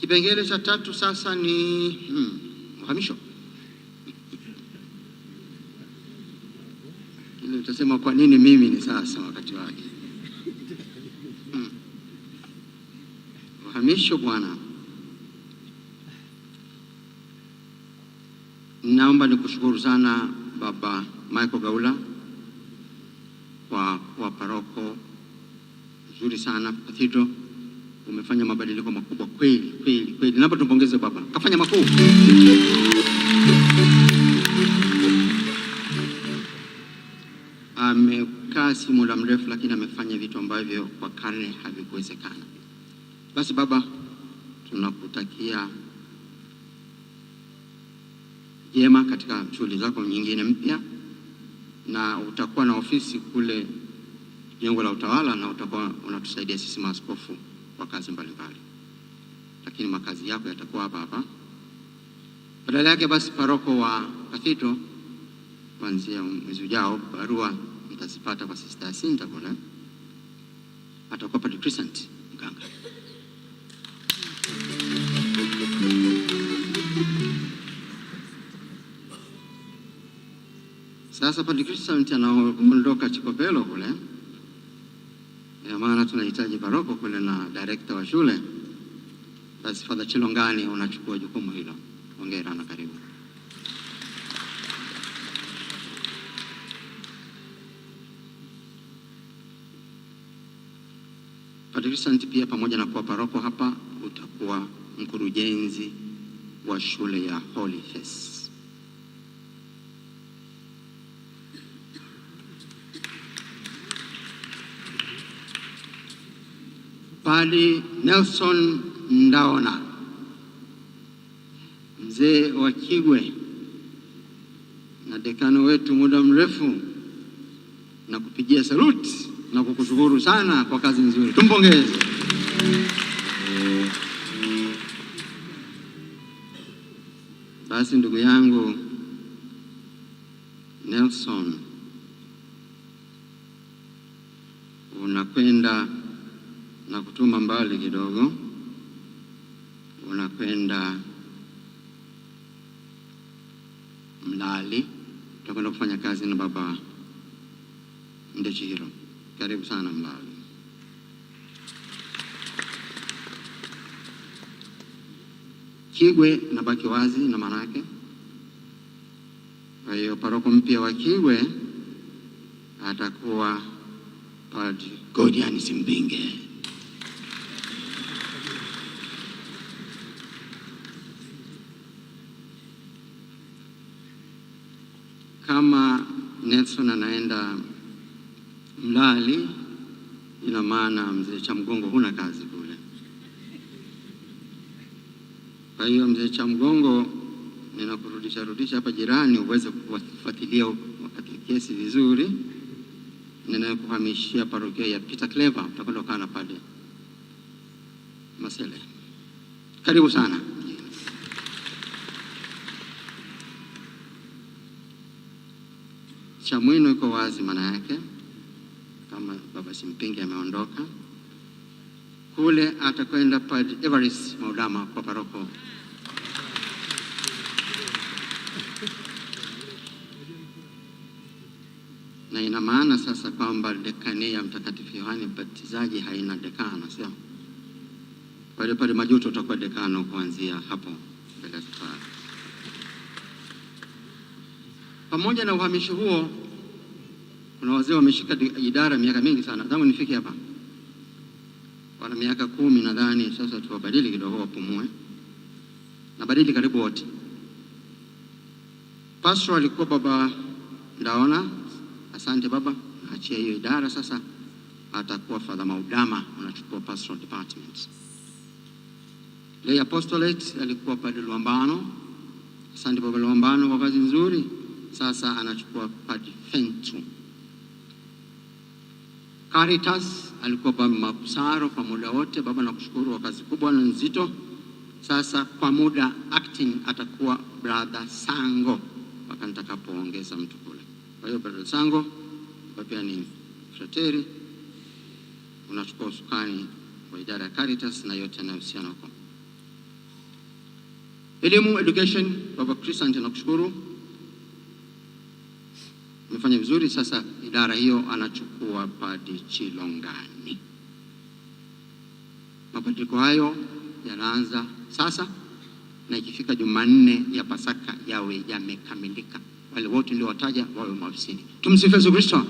Kipengele cha tatu sasa ni hmm, uhamisho. Ile utasema kwa nini mimi ni sasa wakati wake hmm. Uhamisho bwana, naomba nikushukuru sana Baba Michael Gaula kwa kwa paroko nzuri sana Cathedral umefanya mabadiliko makubwa kweli kweli kweli. Naomba tumpongeze baba, kafanya makuu. Amekaa si muda mrefu, lakini amefanya vitu ambavyo kwa karne havikuwezekana. Basi baba, tunakutakia jema katika shughuli zako nyingine mpya, na utakuwa na ofisi kule jengo la utawala na utakuwa unatusaidia sisi maaskofu makazi mbalimbali, lakini makazi yako yatakuwa hapa hapa. Badala yake basi, paroko wa Kafito, kuanzia mwezi ujao barua mtazipata kwa Sister Yasinta Bwana, atakuwa patricent mganga Sasa padri Crisanti anaondoka Chikopelo kule ya eh, maana tunahitaji paroko kule na director wa shule. Basi Father Chilongani unachukua jukumu hilo. Hongera na karibu. Padre Vincent pia pamoja na kuwa paroko hapa utakuwa mkurugenzi wa shule ya Holy Face. Pali Nelson Ndaona, mzee wa Kigwe na dekano wetu muda mrefu, na kupigia saluti na kukushukuru sana kwa kazi nzuri, tumpongeze. Basi ndugu yangu Nelson, unakwenda na kutuma mbali kidogo, unakwenda Mlali, utakwenda kufanya kazi na baba Ndechiro. Karibu sana Mlali. Kigwe nabaki wazi na manake, kwa hiyo paroko mpya wa Kigwe atakuwa Padri Godian Simbinge. Kama Nelson anaenda Mlali, ina maana mzee cha mgongo huna kazi kule. Kwa hiyo mzee cha mgongo, ninakurudisha rudisha hapa jirani uweze kufuatilia wakati kesi vizuri. Ninakuhamishia parokia ya Peter Clever, utakwenda kukaa na pale Masele. Karibu sana. Chamwino iko wazi maana yake, kama Baba Simpingi ameondoka kule, atakwenda Padre Evarist Maudama kwa paroko na ina maana sasa kwamba dekani ya Mtakatifu Yohane Mbatizaji haina dekana, sio? pale pale Majuto utakuwa dekano kuanzia hapo mbele safari pamoja na uhamisho huo, kuna wazee wameshika idara miaka mingi sana, tangu nifike hapa wana miaka kumi nadhani. Sasa tuwabadili kidogo, wapumue na badili karibu wote. Pastor alikuwa baba Ndaona, asante baba, achia hiyo idara sasa, atakuwa Father Maudama, unachukua pastoral department. Lay apostolate alikuwa Padre Luambano, asante baba Luambano kwa kazi nzuri sasa anachukua Fentu. Caritas alikuwa baba Mabusaro kwa muda wote. Baba, nakushukuru kwa kazi kubwa na nzito. Sasa kwa muda acting atakuwa brother Sango mpaka nitakapoongeza mtu kule. Kwa hiyo brother Sango pia ni frateri, unachukua usukani wa idara ya Caritas na yote yanayohusiana huko. Elimu, education, baba Chris, nakushukuru amefanya vizuri. Sasa idara hiyo anachukua Padi Chilongani. Mabadiliko hayo yanaanza sasa na ikifika Jumanne ya Pasaka yawe yamekamilika. Wale wote ndio wataja wawe maofisini. Tumsifu Yesu Kristo.